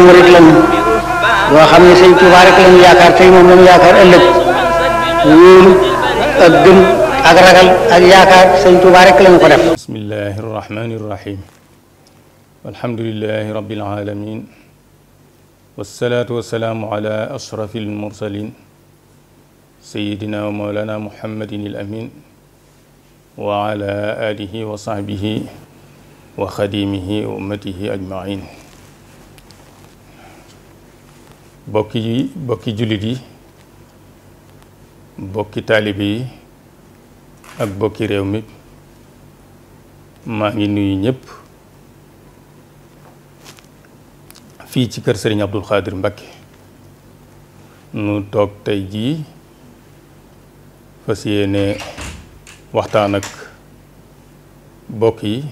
بسم الله الرحمن الرحيم والحمد لله رب العالمين والصلاة والسلام على أشرف المرسلين سيدنا ومولانا محمد الأمين وعلى آله وصحبه وخديمه وأمته أجمعين bokki yi bokki jullit yi bokki taalibe yi ak bokki réew mi maa ngi nuyu ñépp fii ci kër Serigne Abdou Khadre Mbacké nu toog tey jii fas yéene waxtaan ak bokk yi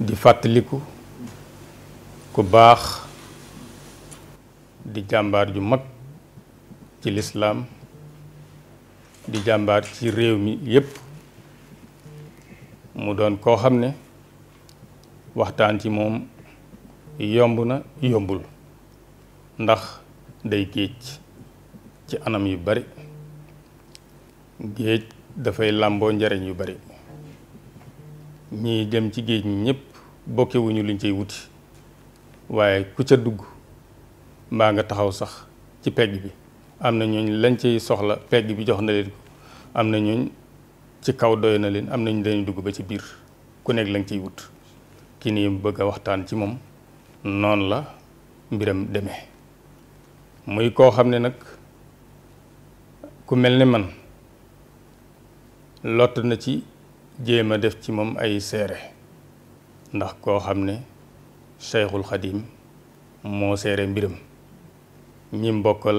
di fàttaliku ku baax di jàmbaar yu mag ci lislaam di jàmbaar ci réew mi yépp mu doon koo xam ne waxtaan ci moom yomb na yombul ndax day géej ci anam yu bari géej dafay làmboo njariñ yu bari ñiy dem ci géej ñi ñépp bokkewuñu luñ cay wuti waaye ku ca dugg mbaa nga taxaw sax ci pegg bi am na ñooñ lañ ciy soxla pegg bi jox na leen ko am na ñu ci kaw doy na leen am nañ dañuy dugg ba ci biir ku nekk lañ ciy wut ki nii bëgg a waxtaan ci moom noonu la mbiram demee muy koo xam ne nag ku mel ni man lott na ci jéem a def ci moom ay seere ndax koo xam ne Cheikhul Xadim moo seere mbiram ñi mbokkal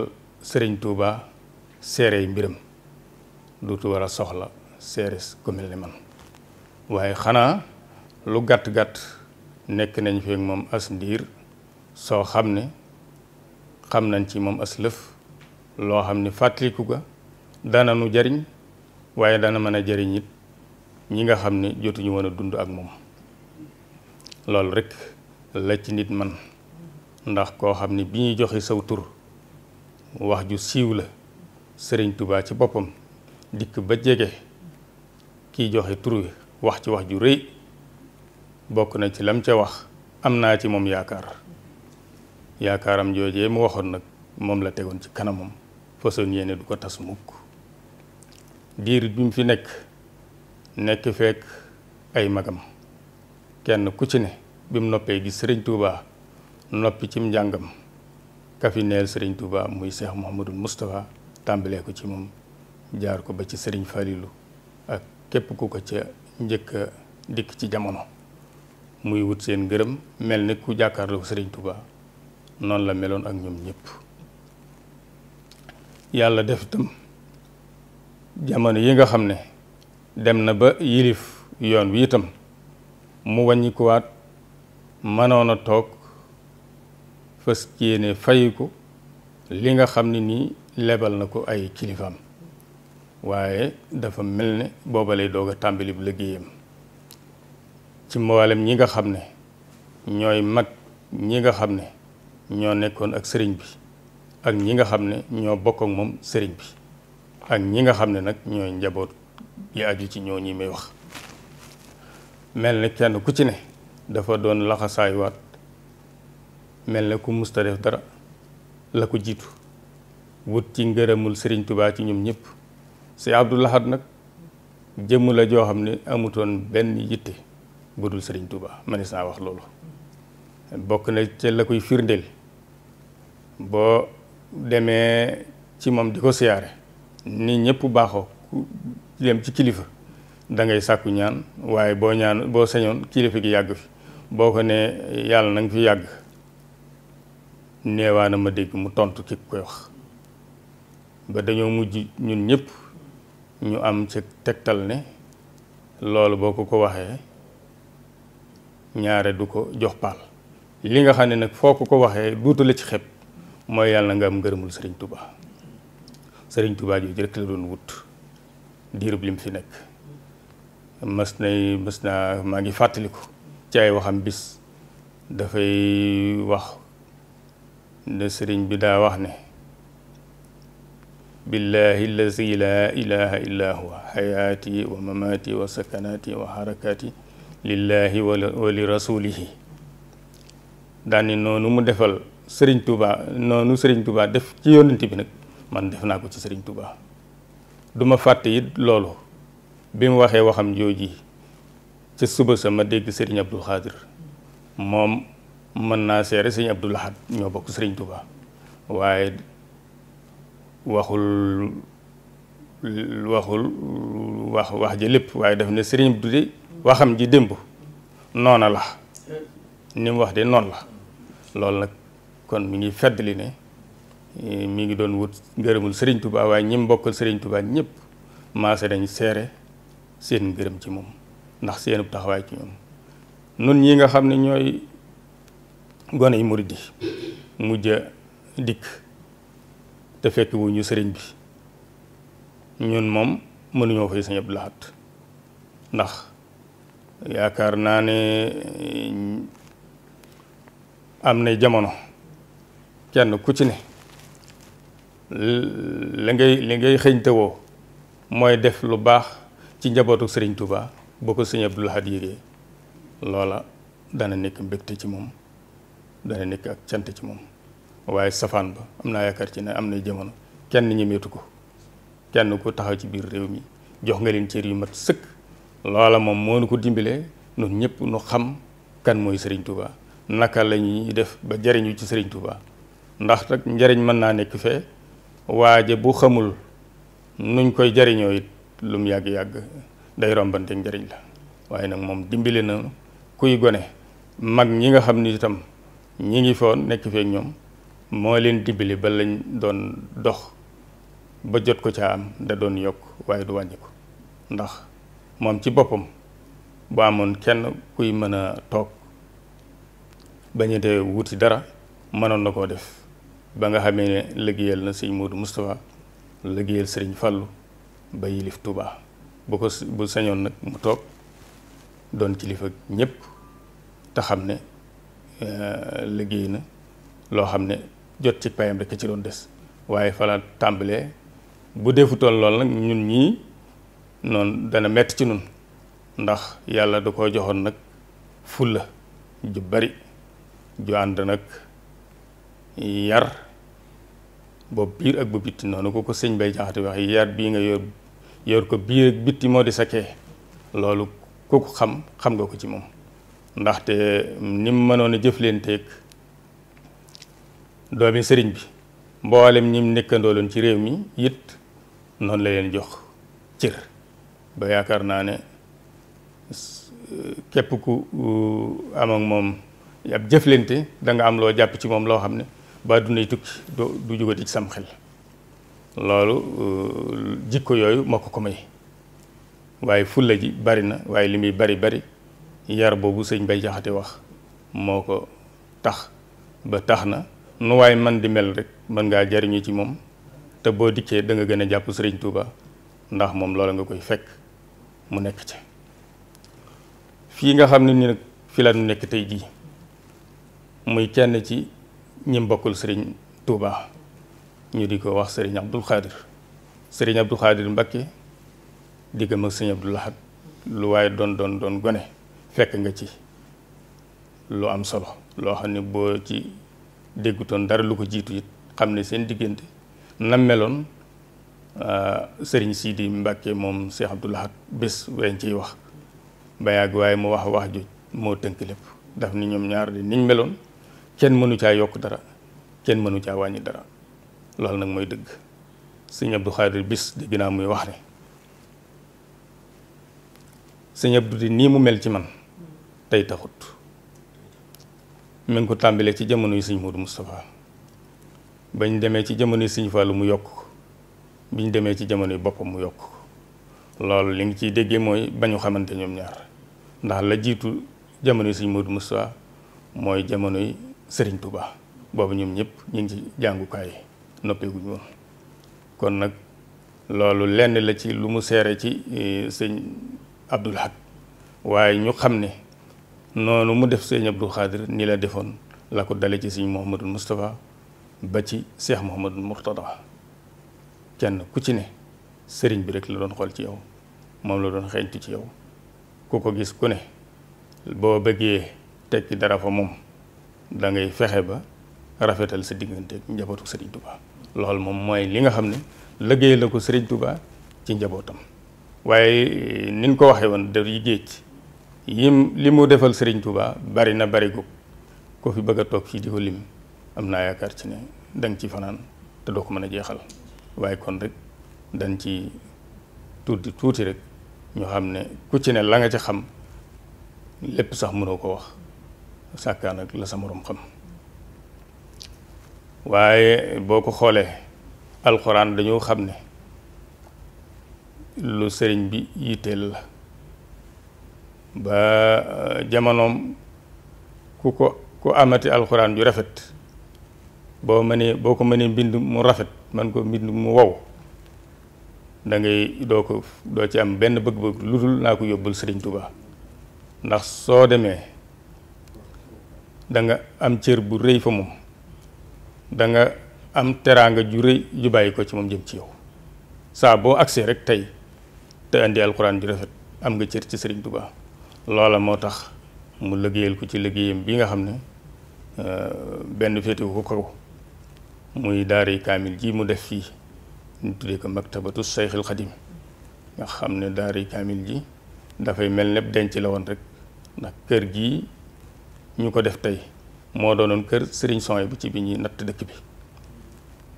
sëriñ Touba seere yi mbiram duutu war a soxla seere ku mel ni man waaye xanaa lu gàtt-gàtt nekk nañ fi moom as ndiir soo xam ne xam nañ ci moom as lëf loo xam ne fàttaliku ga dana nu jariñ waaye daana mën a jariñ it ñi nga xam ne jotuñu woon a dund ak moom loolu rekk la ci nit man ndax koo xam ne bi ñuy joxe saw tur wax ju siiw la sëriñ tubaa ci boppam dikk ba jege kiy joxe turu wax ci wax ju rëy bokk na ci lam ca wax am naa ci moom yaakaar yaakaaram jooje mu waxoon nag moom la tegoon ci kanamam façon yéene du ko tas mukk diir bi mu fi nekk nekk fekk ay magam kenn ku ci ne bi noppee gi sëriñ tuubaa noppi cim njàngam kafi neel sëriñ Touba muy seex Mouhamadul Moustapha tàmbalee ko ci moom jaar ko ba ci sëriñ Falilou ak képp ku ko ca njëkk a dikk ci jamono muy wut seen gërëm mel ni ku jàkkaarloo sëriñ Touba noonu la meloon ak ñoom ñëpp yàlla def itam jamono yi nga xam ne dem na ba yilif yoon wi itam mu wàññikuwaat mënoon toog fas yéene fay ko li nga xam ne nii lebal na ko ay kilifaam waaye dafa mel ni booba lay doog tàmbali bu liggéeyam ci mboolem ñi nga xam ne ñooy mag ñi nga xam ne ñoo nekkoon ak sëriñ bi ak ñi nga xam ne ñoo bokkak moom sëriñ bi ak ñi nga xam ne nag ñooy njaboot yi aju ci ñoo ñi may wax mel ne kenn ku ci ne dafa doon laxasaayuwaat mel na ku musta def dara la ko jiitu wut ci ngërëmul sëriñ tubaa ci ñoom ñëpp si Abdou Lahad nag jëmm la joo xam ne amutoon benn yitte bu dul sëriñ tubaa manis naa wax loolu bokk na ca la koy firndeel boo demee ci moom di ko siyaare ni ñëpp baaxoo ku dem ci kilifa da ngay sàkku ñaan waaye boo ñaan boo sañoon kilifa gi yàgg fi boo ko ne yàlla na nga fi yàgg neewaana ma dégg mu tontu ki koy wax ba dañoo mujj ñun ñëpp ñu am ci tegtal ne loolu boo ko ko waxee ñaare du ko jox paal li nga xam ne nag foo ko ko waxee duutale ci xeb mooy yàlla nga am ngërëmul sëriñ tubaa sëriñ tubaa jooju rek la doon wut diirub lim fi nekk mas nay mas naa maa ngi fàttaliku ci ay waxam bis dafay wax ne sëriñ bi daa wax ne billahi allazi laa ilaha illa huwa xayaati wa mamaati wa sakanaati wa xarakaati lillahi wa li rasulihi daani noonu mu defal sëriñ Touba noonu sëriñ Touba def ci yonent bi nag man def naa ko ci sëriñ Touba duma fàtte it loolu bi mu waxee waxam jooji ca suba sama dégg sëriñ Abdou Khadir moom mën naa seere sëñ Abdou Lahad ñoo bokk sëriñ Touba waaye waxul waxul wax wax ji lépp waaye daf ne sëriñ Abdou waxam ji démb noona la ni wax de noonu la loolu nag kon mi ngi feddali ne mi ngi doon wut ngërëmul sëriñ Touba ñi mu sëriñ Touba ñëpp maase dañ seere seen ngërëm ci moom ndax seen taxawaay ci ñoom nun ñi nga xam ne ñooy gone yi murid yi mujj a dikk te fekk wu ñu sëriñ bi ñun moom mënuñoo fay sëñ Abdou Lahad ndax yaakaar naa ne eh, am na jamono kenn ku ci ne li ngay li ngay xëñte woo mooy def lu baax ci njabootu sëriñ Touba boo ko sëñ Abdou Lahad loola dana nekk mbégte ci moom dana nek ak cant ci mom waye safane ba amna yakar ci ne amna jëmono jamono kenn ñemeetu ko kenn ko taxaw ci biir réew mi jox nga leen ci mat sekk loola mom mo nu ko dimbilé ñun ñëpp nu xam kan moy Serigne Touba naka la def ba jariñu ci Serigne Touba ndax tak njariñ man na nek fe waaje bu xamul nuñ koy jariñoo it lum yag yag day rombante njariñ la waye nak mom dimbilé na kuy goné mag ñi nga xamni itam ñi ngi foon nekk feek ñoom moo leen dimbali ba lañ doon dox ba jot ko caa am da doon yokk waaye du wàññi ko ndax moom ci boppam bu amoon kenn kuy mën a toog bañu dee wuti dara mënoon na koo def ba nga xamee ne liggéeyal na sëñ Modou Moustapha liggéeyal sëriñ Fallou ba yilif Touba bu ko bu sañoon nag mu toog doon kilifa ñépp te xam ne Euh, liggéey na loo xam ne jot ci payam rek ci doon des waaye fa la tàmbalee bu defutoon lool nag ñun ñii noonu dana metti ci nun ndax yàlla du ko joxoon nag fulla ju bari ju ànd nag yar boobu biir ak bu bitti noonu ko ko sëñ bay jaxate wax yar bii nga yor yor ko biir ak bitti moo di sakkee loolu ku ko xam xam nga ko ci moom ndaxte ni mu mënoon a jëflanteeg doomi sëriñ bi mboolem ñim nekkandooloon ci réew mi it noonu la leen jox cër ba yaakaar naa ne képp ku uh, am moom ab jëflante danga am loo jàpp ci moom loo xam ne ba dunay tukki du jugati ci sam xel loolu uh, jikko yooyu moo ko ko may waaye fulla ji bari na waaye li muy bari bari yar bobu sëñ bay jaxati wax moko tax ba taxna nu way man di mel rek man nga jarignu ci mom te bo dikkee da nga gëna japp jàpp Touba ndax mom loolu nga koy fekk mu nekk ci fi nga xamni ni nak fi la nu nekk tay muy kenn ci ñim Touba ñu di ko wax sëriñ Abdul khadir sëriñ Abdul khadir mbake diggam ak sëriñ Abdul Lahad lu way don don don gone fekk nga ci lu am solo loo xam ne boo ci déggutoon dara lu ko jiitu it xam ne seen diggante na meloon ah, sëriñ Sidi Mbàkke moom Cheikh Abdou Lahad bés weñ ciy wax ba waaye mu wax wax ju moo tënk lépp daf ni ñoom ñaar de niñ meloon kenn mënu caa yokk dara kenn mënu caa wàññi dara loolu nag mooy dëgg sëñ Abdou Khadir bis dégg naa muy wax ne sëñ Abdou di nii mu mel ci man tey taxut mi ngi ko tàmbalee ci jamono yi sëñ Modou Moustapha bañ demee ci jamono yi sëñ Fallou mu yokk biñ demee ci jamono yi boppam mu yokk loolu li nga ciy déggee mooy bañu xamante ñoom ñaar ndax la jiitu jamono yi sëñ Modou Moustapha mooy jamonoy yi sëriñ Touba boobu ñoom ñëpp ñu ngi ci jàngukaay noppeeguñu woon kon nag loolu lenn la ci lu mu seere ci eh, sëñ Abdoul Ahad waaye ñu xam ne. noonu mu def sëñ Abdou Khadir ni la defoon la ko dale ci sëñ Mouhamadul Moustapha ba ci seex Mouhamadul Mourtada kenn ku ci ne sëriñ bi rek la doon xool ci yow moom la doon xeeñtu ci yow ku ko gis ku ne boo bëggee tekki dara fa moom da ngay fexe ba rafetal sa digganteeg njabootu sëriñ Touba. loolu moom mooy li nga xam ne liggéey la ko sëriñ Touba ci njabootam waaye eh, ni ñu ko waxee woon daf yi géej yim li mu defal sëriñ Touba bari na bari gu ko fi bëgg a toog fii di ko lim am naa yaakaar ci ne danga ci fanaan te doo ko mën a jeexal waaye kon rek dañ ci tuuti tuuti rek ñu xam ne ku ci ne la nga ci xam lépp sax mënoo ko wax sàkkaan ak la sa moroom xam waaye boo ko xoolee alxuraan dañoo xam ne lu sëriñ bi yitteel la ba eh, jamanom ku ko ku amati alquran ju rafet bo mané boko mané bind mu rafet man ko bind mu wow da ngay do ko do ci am ben bëgg-bëgg lutul dul ko yobul serigne touba ndax so démé da nga am cër bu reuy fa mom da nga am teranga ju reuy ju bayiko ci mom jëm ci yow sa bo accès rek tay te andi alquran ju rafet am nga cër ci serigne touba loola moo tax mu liggéeyal ko ci liggéeyam bi nga xam ne benn féetewu ko kaw muy daari kaamil ji mu def fii ñu tuddee ko maktabatu sayxil xadim nga xam ne daari kaamil ji dafay mel ne denc la woon rek ndax kër gi ñu ko def tey moo doonoon kër sëriñ Sooy bu ci bi ñuy natt dëkk bi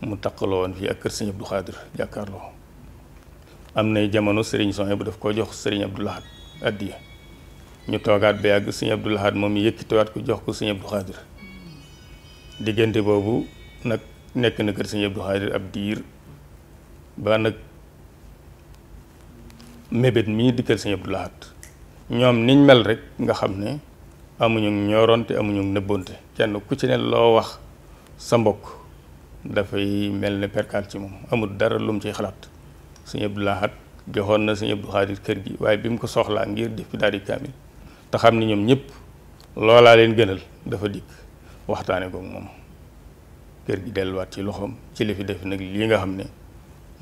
mu taqaloo woon fii ak kër sëriñ Abdou Khadir jàkkaarloo am nay jamono sëriñ Sooy bu daf koo jox sëriñ Abdou Lahad addiya ñu toogaat be yàgg sëñ Abdul mom moom yëkkatiwaat ko jox ko seigne Abdou Khadir digeenti bobu nak nek na keur seigne Abdou Khadir ab dir ba nak mebet mi di keur seigne Abdul had ñom niñ mel rek nga xamne amuñu ñoronte amuñu nëbbonte kenn ku ci ne lo wax sa mbokk da mel ne perkal ci mom amul dara lu mu ciy xalaat sëñ Abdou Lahad na seigne Abdou Khadir keur gi waye ko soxla ngir def dari kamil te xam ni ñoom ñëpp loolaa leen gënal dafa dikk waxtaane ko moom kër gi delluwaat ci loxoom ci li fi def nag lii nga xam ne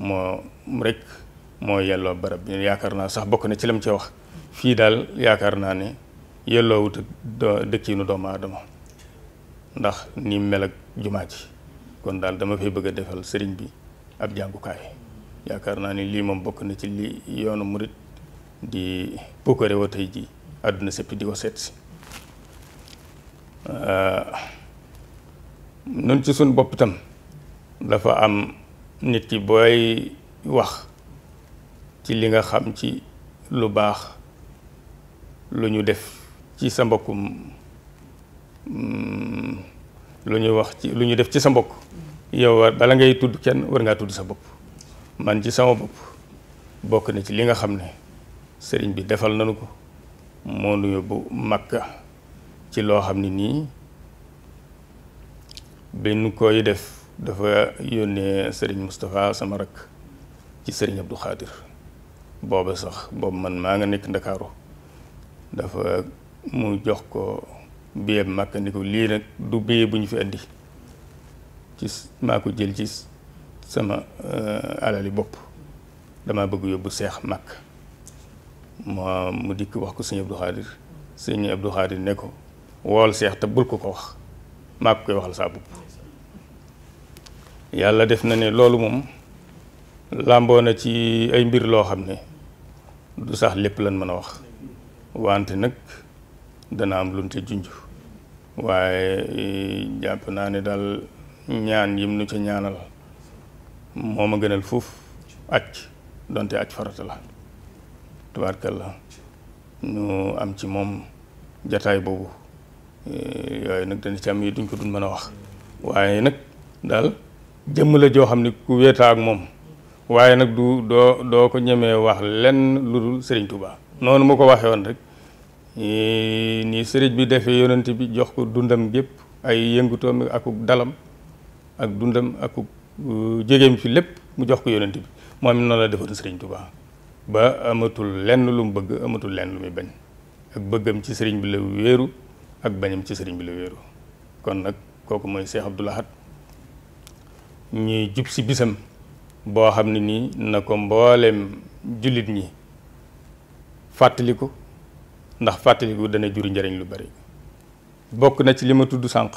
moo rek moo yelloo barab bi yaakaar naa sax bokk na ci lam ci wax fii daal yaakaar naa ne yelloo wut dëkkiinu doomu aadama ndax ni mel ak jumaa ji kon daal dama fay bëgg defal sëriñ bi ab jàngukaay yaakaar naa ni lii moom bokk na ci li yoonu murit di pukkare wa tey àdduna sépp di ko seet si euh, nun ci suñ bopp tam dafa am nit ki booy wax ci li nga xam ci lu baax lu ñu def ci sa mbokkum mm, lu ñu wax ci lu ñu def ci sa mbokk yow war bala ngay tudd kenn war ngaa tudd sa bopp man ci sama bopp bokk na ci li nga xam ne sëriñ bi defal nanu ko mo nuyo bu makka ci lo xamni ni ben koy def dafa yone serigne mustapha sama rek, ci serigne Abdou Khadir bobu sax bob man ma nga nek dakaro dafa mu jox ko biye makka ni ko li nag du biye buñ fi andi ci mako jël ci sama euh, alali bop dama bëgg yobbu cheikh makka ma mu dikk wax ko suñu Abdou Khadir sëñ Abdou Khadir ne ko wool seex te bul ko ko wax maa ko koy waxal saa bopp yàlla def na ne loolu moom làmboo na ci ay mbir loo xam ne du sax lépp lan mën a wax wante nag dana am luñ ca junj waaye jàpp naa ne daal ñaan yim nu ca ñaanal moo ma gënal fuuf acc donte acc farata la tubaarkalla ñu am ci moom jataay boobu eh, yooyu nag dana ci am yi duñ ko duñ mën a wax waaye nag daal jëmm la joo xam ne ku wéeta ak moom waaye nag du doo doo ko ñemee wax lenn lu dul sëriñ Touba. noonu mu ko waxee woon rek eh, nii sëriñ bi defee yonent bi jox ko dundam gépp ay yëngutoom akuk dalam ak dundam akuk euh, jégeem fi lépp mu jox ko yonent bi moom it noonu la defoon sëriñ Touba. ba amatul lenn lu bëgg amatul lenn lu muy bañ ak bëggam ci sëriñ bi la wéeru ak bañam ci sëriñ bi la wéeru kon nag kooku mooy Cheikh Abdoul Ahad ñuy jub bisam boo xam ne nii na ko mbooleem jullit ñi fàttaliku ndax fàttaliku dana juru njariñ lu bari bokk na ci li ma tudd sànq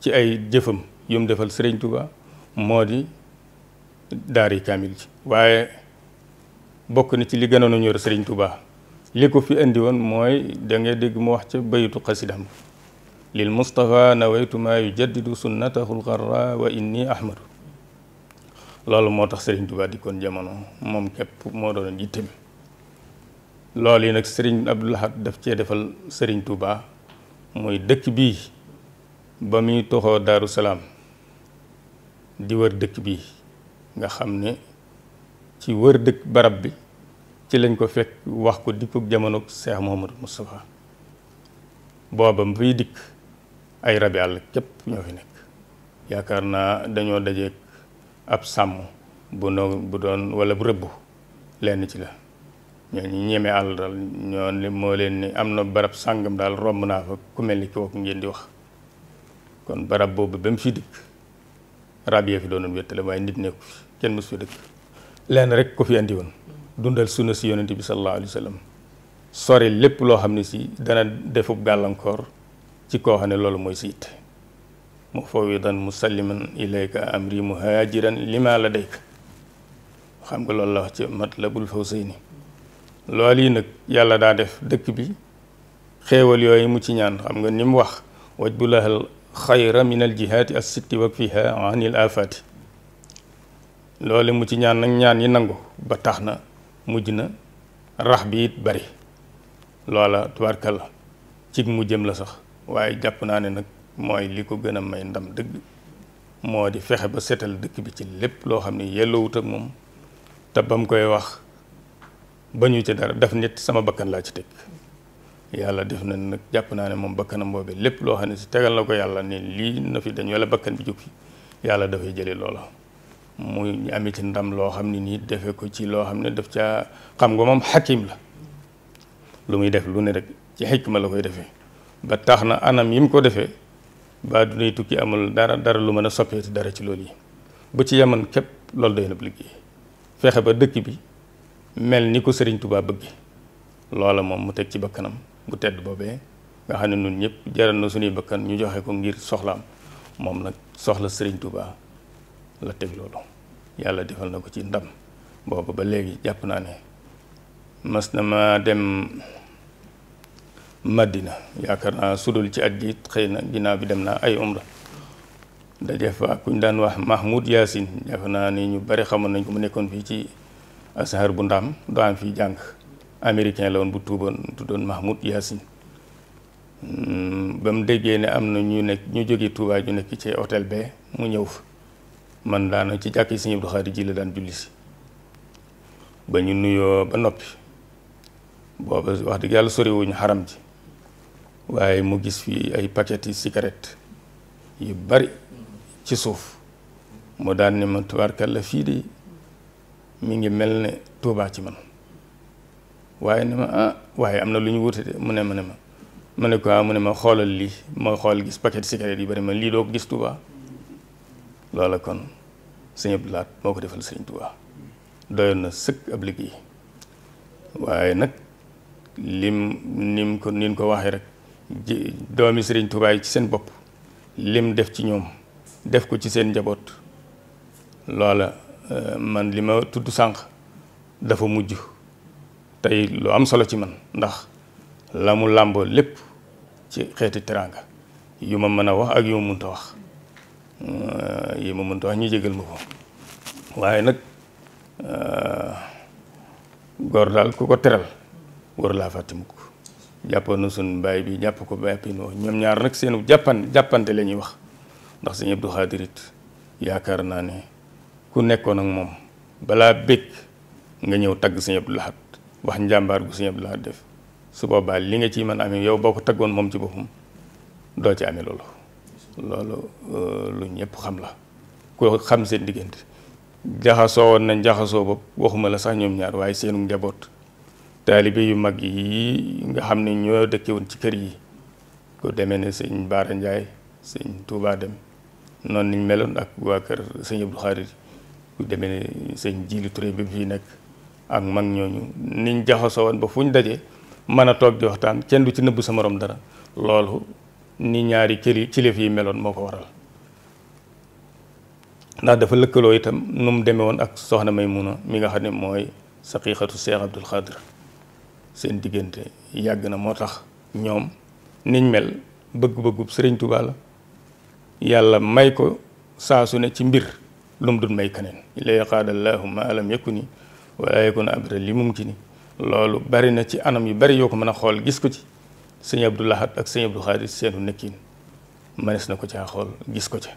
ci ay jëfam yu defal sëriñ Touba moo di daari kaamil ji waaye bokk na ci li gënoon ñu ñor Serigne Touba li ko fi andi won moy da nga deg mu wax ci baytu qasidam lil Mustafa nawaitu ma yujaddidu sunnatahu al gharra wa inni ahmadu lolu motax Serigne Touba di kon jamono moom képp moo doon jittam lolu yi nag Serigne Abdul Lahad daf ci defal Serigne Touba moy dëkk bi bamuy toxo daru salam di wër dëkk bi nga xamne ci wër dëkk barab bi ci lañ ko fekk wax ko dippug jamono Cheikh mohammed Moustapha booba buy dikk ay rabi àll képp ñoo fi nekk yaakaar naa dañoo dajeeg ab sàmm bu no bu doon wala bu rëbb lenn ci la ñoo ñu ñeme àll dal ñoo ni moo leen ni am barab sàngam daal romb naa fa ku mel ni ngeen di wax kon barab boobu ba mu fi dikk rab yee fi doonoon wéttale waaye nit nekku kenn mësu fi لان رك كوفي اندي وون دوندال سونو سي يونتي بي صلى الله عليه وسلم سوري ليپ لو خامني سي دا نا ديفو غالانكور سي كو خاني لول موي سيت مفوضا مسلما اليك امري مهاجرا لما لديك خام غ لول لا وخ سي مطلب الفوزيني لولي نك يالا دا ديف دك بي خيوال يوي مو سي نيان وجب الله الخير من الجهات الست وكفيها عن الافات loole mu ci ñaan nag ñaan yi nangu ba tax na mujj na rax bi it bari loola tubaarkal cig mu jëm la sax waaye jàpp naa ne nag mooy li ko gën a may ndam dëgg moo di fexe ba seetal dëkk bi ci lépp loo xam ne yelloowut ak moom te ba mu koy wax ba ñu ci dara daf nit sama bakkan laa ci teg yàlla def na nag jàpp naa ne moom bakkanam boobee lépp loo xam ne si tegal na ko yàlla ne lii na fi dañ wala bakkan bi jóg fi yàlla dafay jële loola mu ñu amee ci ndam loo xam ne nii defe ko ci loo xam ne def caa xam nga moom xakim la lu muy def lu ne rek ci xikma la koy defee ba tax na anam yi mu ko defee ba dunay tukki amul dara dara lu mën a soppeeti dara ci loolu yi bu ci yaman képp loolu day nab liggéey fexe ba dëkk bi mel ni ko Sëriñ Tuubaa bëgge loola moom mu teg ci bakkanam bu tedd boobee nga xam ne nun ñëpp jaral na suñuy bakkan ñu joxe ko ngir soxlaam moom nag soxla Sëriñ Tuubaa la teg loolu yàlla defal na ko ci ndam boobu ba léegi jàpp naa ne mas na ma dem Madina yaakaar naa sudul ci at gi xëy na ginnaaw bi dem naa ay umra daje fa ñu daan wax Mahmoud Yaasin yaakaar naa ni ñu bari xamoon nañ ko mu nekkoon fii ci asahar bu ndaam daan fii jàng américain la woon bu tuuboon tuddoon Mahmoud Yaasin hmm, ba mu déggee ne am na ñu nekk ñu jóge Touba ñu nekk ci hôtel be mu ñëw fa man daana ci jàkk yi sëñ Abdou Khadre ji la daan julli si ba ñu nuyoo ba noppi booba wax dëgg yàlla soriwuñu xaram ji waaye mu gis fii ay paquet yi cigarette yu bari ci suuf mu daan ne ma la fii de mu ngi mel ne tuubaa ci man waaye ne ma ah waaye am na lu ñu wute de mu ne ma ne ma ma ne ko ah mu ne ma xoolal lii ma xool gis paquet cigarette yu bari ma lii doo ko gis tuubaa loola kon sëñ Abdou Lahad moo ko defal sëñ Tuubaa doyoon na sëkk ab liggéey waaye nag lim nim ko niin ko waxee rek doomi sëriñ Tuubaa yi ci seen bopp lim def ci ñoom def ko ci seen njaboot loola euh, man li ma tudd sànq dafa mujj tey lu am solo ci man ndax la mu làmboo lépp ci xeeti teraanga yu ma mën a wax ak yu ma mënta wax yi ma mënta ñu jéggal ma ko waaye nag gor daal ku ko teral war laa fàtte mukk jàppoon na bi jàpp ko bàppi noo ñoom ñaar nag seen jàppan jàppante la ñuy wax ndax sëñ Abdou Khadir it yaakaar naa ne ku nekkoon ak moom balaa bëgg nga ñëw tagg sëñ Abdou Lahad wax njàmbaar gu Abdou Lahad def su boobaa ya, li nga ciy mën amee yow boo ko taggoon ci boppam doo ci amee loolu loolu euh, lu ñëpp xam la ko xam seen diggante jaxasoo woon nañ jaxasoo boobu waxuma la sax ñoom ñaar waaye seenu njaboot taalibe yu mag yi nga xam ne ñoo dëkke woon ci kër yi ku deme ne sëñ Baara Njaay sëñ Tuubaa dem noonu niñ meloon ak waa kër sëñ Abdou Xaadir ku demee ne sëñ Jiili Ture bi fii nekk ak mag ñooñu niñ jaxasoo woon ba fu ñu dajee mën a toog di waxtaan kenn du ci nëbb sa morom dara loolu ni ñaari kili kilif yi meloon moo ko waral ndax dafa lëkkaloo itam nu mu demee ak soxna may Maymuna mi nga xam ne mooy sa saqiixatu Seex Abdul Xaadir seen diggante yàgg na moo tax ñoom niñ mel bëgg-bëggub Sëriñ Tuubaa yàlla may ko saa su ne ci mbir lu mu dul may keneen ilay qaada llaahu ma lam yakuni wala yakun abada li mumkini loolu bari na ci anam yu bari yoo ko mën a xool gis ko ci sëñ Abdou Lahad ak sëñ Abdou Khadir seenu nekkin manes na ko caa xool gis ko ca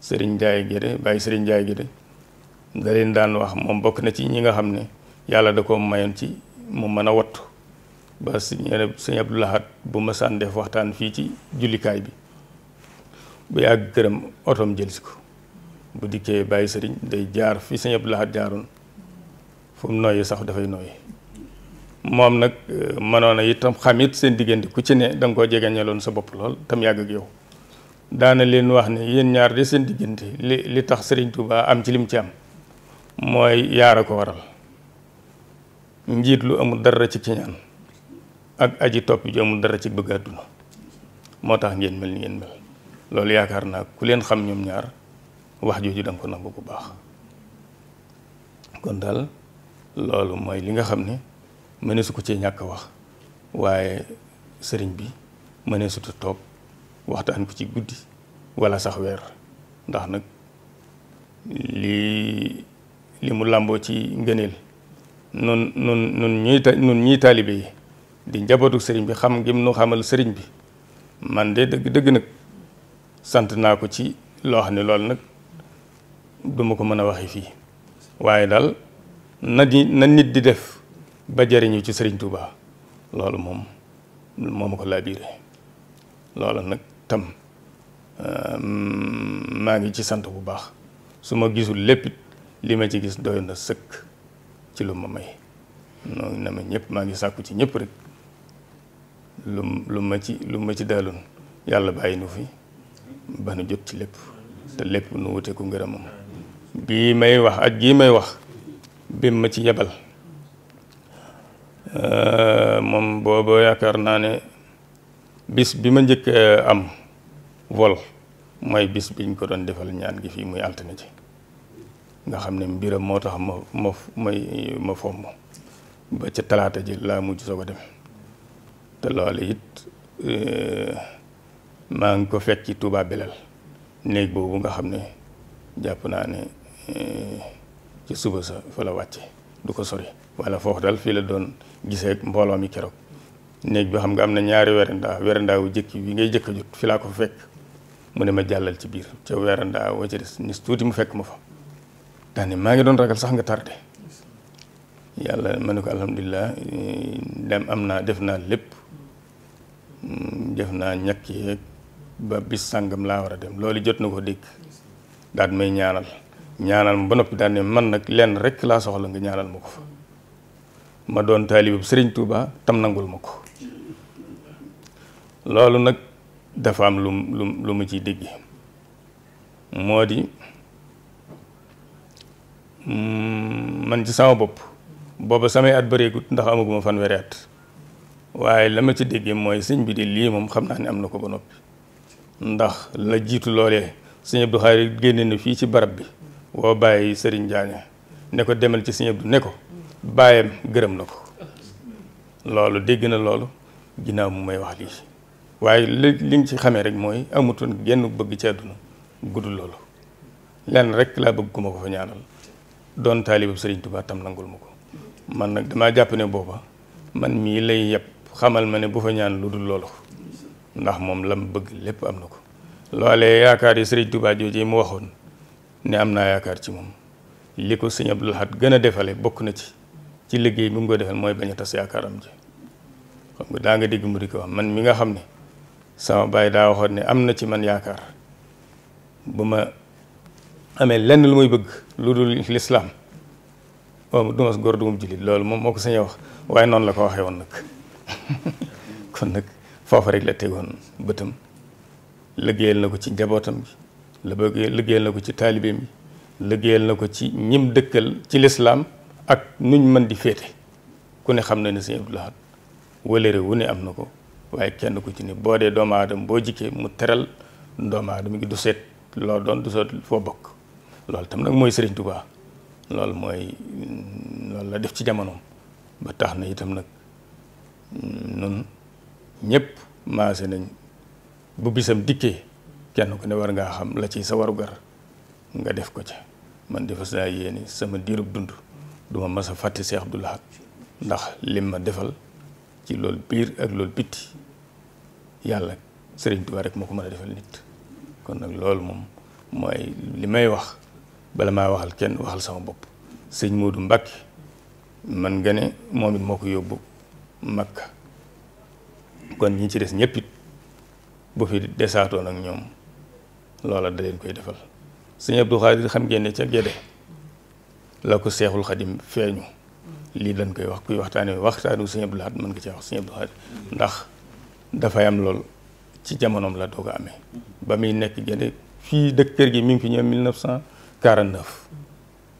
sëriñ Ndiaye Guède bàyyi sëriñ Ndiaye Guède da daan wax moom bokk na ci ñi nga xam ne yàlla da ko mayoon ci mu mën a wattu ba sëñ sëñ Abdou Lahad bu waxtaan fii ci jullikaay bi bu yàgg këram otoom jëlsi ko bu dikkee bàyyi sëriñ day jaar fi sëñ Abdou Lahad jaaroon fu mu nooyee sax dafay nooyee mom nak eh, manona itam xamit sen diggante ku ci ne dang ko koo sa bop lool tam yag ak yow daana leen wax ne yeen ñaar de sen diggante li li tax serigne touba am ci lim ci am moy yaara ko waral njit lu amul dara ci kiñaan ak aji top ju amul dara ci bëgg aduna motax ngeen mel ni ngeen mel loolu yaakar na ku leen xam ñom ñaar wax joju dang ko nangu bu baax kon dal loolu moy li nga xamne mëneesu ko cee ñàkk wax waaye sëriñ bi mëneesuta toog waxtaan ko ci guddi wala sax weer ndax nag li li mu làmboo ci ngëneel nun nun nun ñuy nun ñuy taalibe yi di njabootu sëriñ bi xam ngim nu xamal sëriñ bi man de dëgg dëgg nag sant naa ko ci loo xam ne loolu nag duma ko mën a waxe fii waaye daal na di na nit di def ba jariñu ci sëriñ Touba loolu moom mooma ko biire loola nag tam euh, maa ngi ci sant bu baax su ma gisul lépp li ma ci gis doy na sëkk ci lu ma may noonu na ma ñëpp maa ngi sàkku ci ñëpp rek lu lu ma ci lu ma ci daaloon yàlla bàyyi nu fi ba nu jot ci lépp te lépp nu wute ku ngërëmam bii may wax ak gii may wax bi ma ci yebal Euh, moom booba yaakaar naa ne bis bi ma njëkk euh, am vol mooy bis biñ ko doon defal ñaan gi fii muy altine ci nga xam ne mbiram moo tax ma ma may ma fomm ba ca talaata ji laa mujj soo ko demee te loolu it euh, maa ngi ko fekk ci Touba Belal néeg boobu nga xam ne jàpp naa ne ci suba sa fa la wàcce du ko sore wala foofu dal fii la doon gisee mbooloo mi keroog néeg bi xam nga am na ñaari werandaa werandaa wu jëkki bi ngay jëkk jot fi laa ko fekk mu ne ma jàllal ci biir ca werandaa wa des nis tuuti mu fekk ma fa daane maa ngi doon ragal sax nga tardé yàlla ma ne ko alhamdulilah dem am naa def naa lépp def naa ñakk yeeg ba bis sàngam laa war a dem loolu jot na ko dégg daal may ñaanal ñaanal ma ba noppi daal man nag lenn rek laa soxla nga ñaanal ma ko fa ma doon taalibu sëriñ Touba tam nangul ma ko loolu nag dafa am lu lu lu ciy dégg moo di mm, man sama bopp booba samay at bëreegut ndax amaguma fanweeri at waaye la ma ci déggee mooy sëñ bi di lii moom xam naa ne am na ko ba noppi ndax la jiitu loolee sëñ Abdou Khadre génne na fii ci barab bi woo bàyyi Serigne Diagne ne ko demal ci Sëñ Abdu ne ko bàyyam gërëm na ko loolu dégg na loolu ginnaaw mu may wax lii waaye li li nga ci xamee rek mooy amutoon genn bëgg ci na gudd loolu lenn rek laa bëgg ku ma ko fa ñaanal doon taalibu Serigne Touba tam nangul ma ko man nag damaa jàpp ne booba man mii lay yëpp xamal ma ne bu fa ñaan lu dul loolu ndax moom lam bëgg lépp am na ko loolee yaakaar yi Serigne Touba jooju mu waxoon. ne am naa yaakaar ci moom li ko sëñ Abdul Ahad gën a defale bokk na ci ci liggéey bi mu ko defal mooy bañ a tas yaakaaram ji xam nga daa nga dégg mu di ko wax man mi nga xam ne sama baay daa waxoon ne am na ci man yaakaar bu ma amee lenn lu muy bëgg lu dul lislaam waaw du ma góor du ma jullit loolu moom moo ko sañee wax waaye noonu la ko waxee woon nag kon nag foofa rek la tegoon bëtam liggéeyal na ko ci njabootam bi la bëgg liggéeyal na ko ci taalibeem bi liggéeyal na ko ci ñim dëkkal ci lislaam ak nuñ mën di féete ku ne xam na ni sëñ Abdul Ahad wu ne am na ko waaye kenn ku ci ne boo dee doomu aadama boo jikkee mu teral doomu aadama ngi du seet loo doon du seet foo bokk loolu tam nag mooy Sëriñ Tuubaa loolu mooy loolu la def ci jamonoom ba tax na itam nag nun ñëpp maase nañ bu bisam dikkee kenn ko ne war nga xam la ci sa gar nga def ko ci man defa sa yéene sama dund duma massa fatte Cheikh abdullah ndax lim defal ci pir, bir ak lol bitti yalla Serigne Touba rek moko meuna defal nit kon nak lol mom moy limay wax bala ma waxal kenn waxal sama bop serigne Modou Mbacke man gané momit moko yobbu Makka kon ñi ci dess ñëpp bu fi desaatoon nak ñom loola da leen koy defal sëñ Abdou Khadir xam ngeen ne ca Gédé la ko seexul xadim feeñu lii dañ koy wax kuy waxtaanee waxtaanu sëñ Abdou Khadir mën nga cee wax sëñ Abdou ndax dafay am lool ci jamonoom la doog a amee ba muy nekk Gédé fii dëkk kër gi mi ngi fi ñëw 1949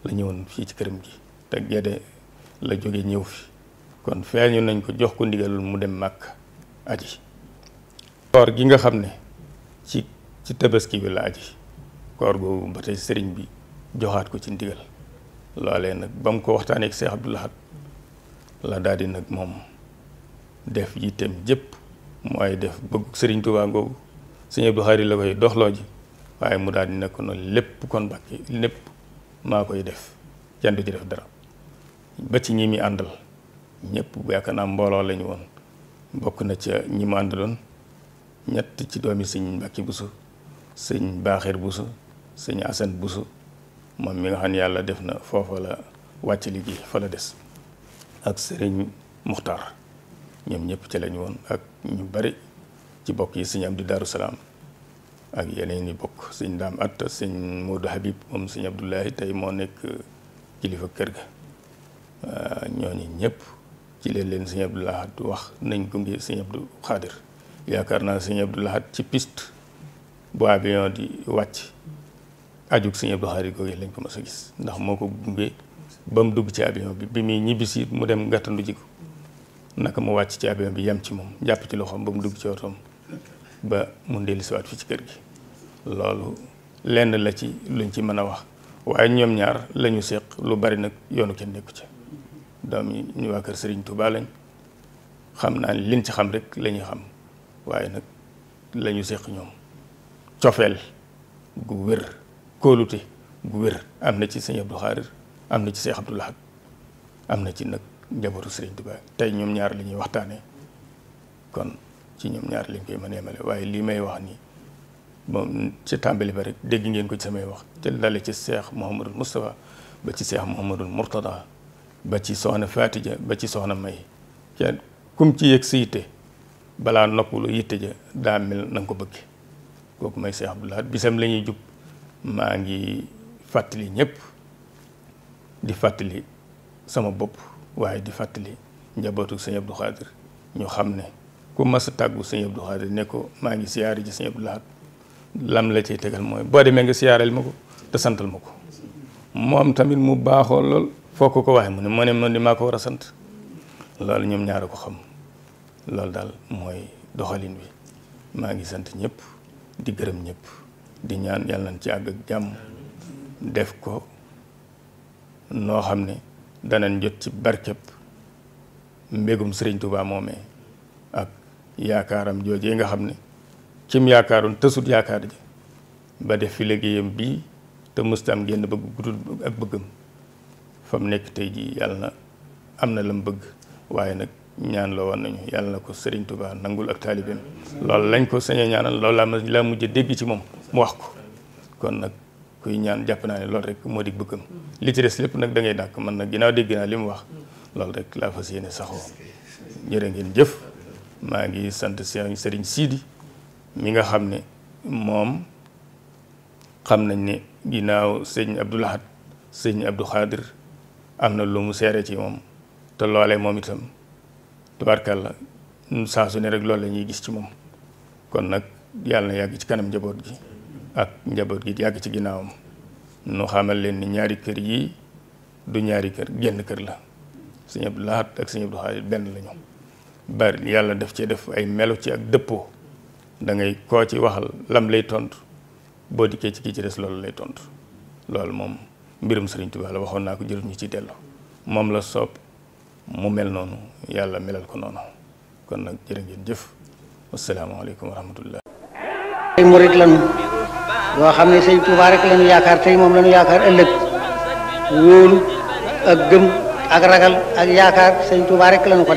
la ñëwoon fii ci këram gi te Gédé la jóge ñëw fi kon feeñu nañ ko jox ko ndigalul mu dem màkk aji koor gi nga xam ne ci tabaski bi la aji koor googu ba tey sëriñ bi joxaat ko ci ndigal loolee nag ba mu ko waxtaanee ak Seex Abdou Lahad la daal nag moom def yitteem jëpp mooy def bëgg sëriñ Tuubaa googu sëñ Abdou Khadre la koy doxloo ji waaye mu daal di nekk noonu lépp kon bàkke lépp maa koy def kenn du ci def dara ba ci ñi mi àndal ñëpp yaakaar naa mbooloo lañu woon bokk na ca ñi mu àndaloon ñett ci doomi sëñ Mbàkke Buso sëñ Baaxir Bousso sëñ Assane Bousso moom mi nga xam ne yàlla def na foofa la wàcc liggéey fa la des ak sëriñ Muxtaar ñoom ñëpp ci lañu woon ak ñu bari ci bokk yi sëñ Abdou Darou Salaam ak yeneen i bokk sëñ Daam Atta sëñ Modou Habib moom sëñ Abdoulahi tey moo nekk kilifa kër ga ah, ñooñu ñëpp ci leen leen sëñ Abdoulahat wax nañ gunge sëñ Abdou Xaadir yaakaar naa sëñ Abdoulahat ci piste bu avion di wàcc ajug Sëñ Abdou Khadre googu lañ ko ma sa gis ndax moo ko gunge ba mu dugg ci avion bi bi muy ñibbisi mu dem gàttandu ji ko naka mu wàcc ci avion bi yem ci moom jàpp ci loxoom ba mu dugg ci otoom ba mu dellusiwaat fi ci kër gi loolu lenn la ci luñ ci mën a wax waaye ñoom ñaar lañu séq lu bari nag yoonu kenn nekku ci doom ñu waa kër Serigne Touba xam naa liñ ci xam rek lañuy xam waaye nag lañu séq ñoom cofeel gu wér kóolute gu wér am na ci sëñ Abdou Xaadir am na ci Seex Abdou am na ci nag njabootu Sëriñ Tuubaa tey ñoom ñaar li ñuy waxtaane kon ci ñoom ñaar lañ koy mën a yemale waaye lii may wax nii moom ci tàmbali ba rek dégg ngeen ko ci samay wax te dale ci Seex Mouhamadul Moustapha ba ci Seex Mouhamadul Mourtada ba ci soxna Fatija ba ci soxna May kenn kum ci yëg sa yitte balaa noppalu yitte ja daa mel na nga ko bëgg kooku mooy Cheikh Abdou Lahad bisam lañuy ñuy jub maa ngi fàttali ñëpp di fàttali sama bopp waaye di fàttali njabootu sëñ Abdou Khadir ñu xam ne ku mas a tàggu sëñ Abdou Khadir ne ko maa ngi siyaare ji sëñ Abdou Lahad lam la cay tegal mooy boo demee nga siyaareel ma ko te santal ma ko moom tamit mu baaxoo lool foo ko ko waxee mu ne ma ne man di maa ko war a sant loolu ñoom ñaar a ko xam loolu daal mooy doxalin wi maa ngi sant ñëpp di gërëm ñëpp di ñaan yàlla nañ ci àgg ak jàmm def ko noo xam ne danañ jot ci barkeb mbégum sëriñ Tuubaa moomee ak yaakaaram joojee nga xam ne cim yaakaaroon tësut yaakaar ji ba def fi liggéeyam bii te mësta génn bëgg gudul ak bëggam fam nekk tey ji yàlla na am na lam bëgg waaye nag ñaan loo woon nañu yàlla ko sëriñ Touba nangul ak taalibeem lool lañ ko sañ a ñaanal loolu laa ma laa mujje dégg ci moom mu wax ko kon nag kuy ñaan jàpp naa ne loolu rek moo dig bëggam li ci des lépp nag dangay ngay dàkk man nag ginnaaw dégg naa li mu wax loolu rek laa fas yéene saxoo jërë ngeen jëf maa ngi sant Serigne Sidi mi nga xam ne moom xam nañ ni ginnaaw sëñ Abdou Lahad sëñ Abdou am na lu mu seere ci moom te loolee moom itam. tabarkal sa su ne rek lol la ñuy gis ci mom kon nak yalla na ci kanam njabot gi ak njabot gi yag ci ginaawum nu xamal leen ni ñaari kër yi du ñaari kër genn kër la seigne abdullah ak seigne Abdou Khadir ben lañu bar yalla def ci def ay melu ci ak depo da ngay ko ci waxal lam lay tontu bo dikke ci ki ci des lol lay tontu lol mom mbirum serigne touba la waxon na ko jërëf ñu ci delu mom la sopp mu mel noonu yàlla melal ko noonu kon nag jërë ngeen jëf wasalaamaaleykum wa rahmatullah ay murit lañu yoo xam ne sëñ Tuubaa rek lañu yaakaar tey moom lañu yaakaar ëllëg wóolu ak gëm ak ragal ak yaakaar sëñ Tuubaa rek lañu ko def